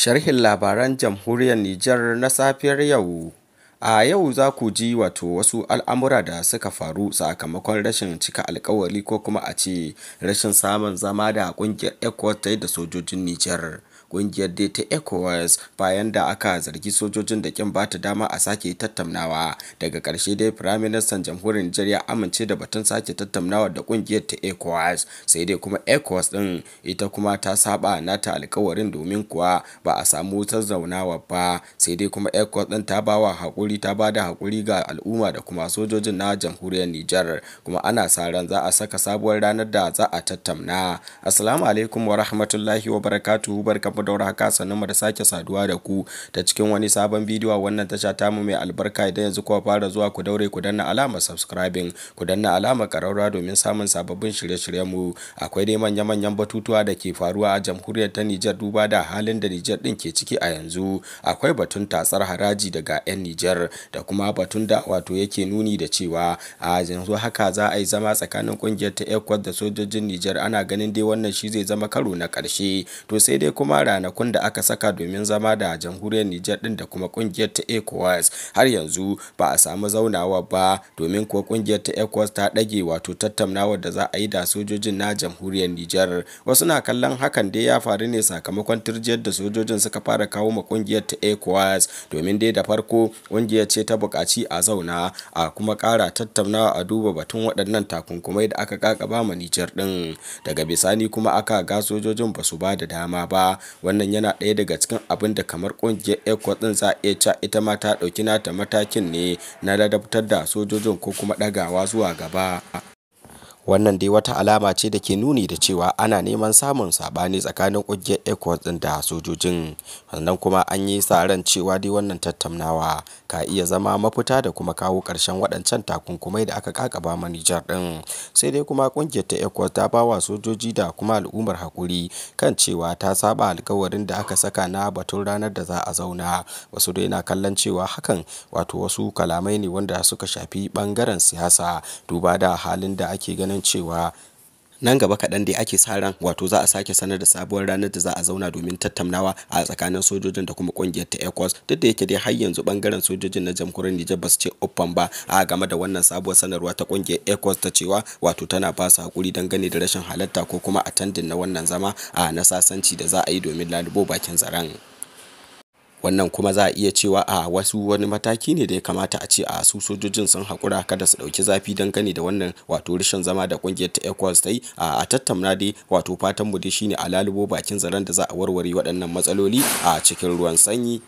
sharhin labaran jamhuriyar Nijar na safiyar yau. A yau za ku ji wato wasu al'amura da suka faru sakamakon rashin cika alkawari ko kuma a ce rashin samun zama da ƙungiyar ECOWAS da sojojin Nijar. kungiyar dai ta ecowas bayan da aka zargi sojojin da kin bata dama a sake tattaunawa daga karshe dai firaministan jamhuriyar nijar ya amince da batun sake tattaunawa da kungiyar ta ecowas sai dai kuma ecowas din ita kuma ta saba nata alkawarin domin kuwa ba a samu wutar zaunawa ba sai dai kuma ecowas din ta bawa hakuri ta bada hakuri ga al'umma da kuma sojojin na jamhuriyar nijar kuma ana sa ran za a saka sabuwar ranar da za a tattauna assalamu alaikum wa rahmatullahi wa barakatuhu barkamu ku daura haka sannan mu da sake saduwa da ku ta cikin wani sabon bidiyo wannan tasha mu mai albarka idan yanzu kuwa fara zuwa ku daure ku danna alama subscribing ku danna alama karara domin samun sababbin shirye-shiryen mu akwai dai manya-manyan batutuwa da ke faruwa a jamhuriyar ta Niger, duba da halin da Niger din ke ciki a yanzu akwai batun tatsar haraji daga 'yan Niger, da kuma batun da wato yake nuni da cewa a yanzu haka za a yi zama tsakanin kungiyar ta ECOWAS da sojojin Niger, ana ganin dai wannan shi zai zama karo na ƙarshe to sai dai kuma ranakun da aka saka domin zama da jamhuriyar Nijar din da kuma kungiyar ta ECOWAS har yanzu ba a samu zaunawa ba domin kuwa kungiyar ta ECOWAS ta dage wato tattaunawa da za a yi da sojojin na jamhuriyar Nijar wasu na kallon hakan dai ya faru ne sakamakon turjiyar da sojojin suka fara kawo ma kungiyar ta ECOWAS domin dai da farko kungiyar ce ta bukaci a zauna a kuma ƙara tattaunawa a duba batun waɗannan takunkumai da aka kakaba ma Nijar din daga bisani kuma aka ga sojojin ba su ba da dama ba wannan yana ɗaya daga cikin abin da kamar ƙungiyar ecowas ɗin za a iya ca ita ma ta ɗauki nata matakin ne na ladabtar da sojojin ko kuma ɗagawa zuwa gaba wannan dai wata alama ce da ke nuni da cewa ana neman samun saɓani tsakanin ƙungiyar ecowas din da sojojin sannan kuma an yi sa ran cewa dai wannan tattaunawa ka iya zama mafita da kuma kawo ƙarshen waɗancan takunkumai da aka kakaba ma nijar din sai dai kuma ƙungiyar ta ecowas ta ba wa sojoji da kuma al'ummar hakuri kan cewa ta saba alkawarin da aka saka na batun ranar da za a zauna wasu dai na kallon cewa hakan wato wasu kalamai ne wanda suka shafi ɓangaren siyasa duba da halin da ake ganin ganin cewa nan gaba kaɗan dai ake sa ran wato za a sake sanar da sabuwar ranar da za a zauna domin tattaunawa a tsakanin sojojin da kuma kungiyar ta ecos duk da yake dai har yanzu bangaren sojojin na jamhuriyar nijar ba su ce uffan ba a game da wannan sabuwar sanarwa ta kungiyar ecos ta cewa wato tana ba su hakuri gane da rashin halatta ko kuma a tandin na wannan zama a na sasanci da za a yi domin lalubo bakin zaren. wannan kuma za a iya cewa a wasu wani mataki ne da ya kamata a ce a su sojojin sun haƙura kada su ɗauki zafi dangane da wannan wato rashin zama da ƙungiyar ta ecuador ta yi a tattauna dai wato fatan mu dai shine a lalubo bakin zaren da za a warware waɗannan matsaloli a cikin ruwan sanyi